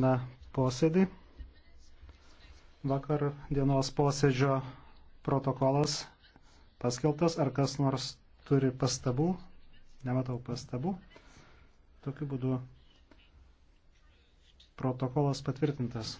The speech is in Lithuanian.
Na, posėdį. Vakar dienos posėdžio protokolas paskeltas. Ar kas nors turi pastabų? Nematau pastabų. Tokiu būdu protokolas patvirtintas.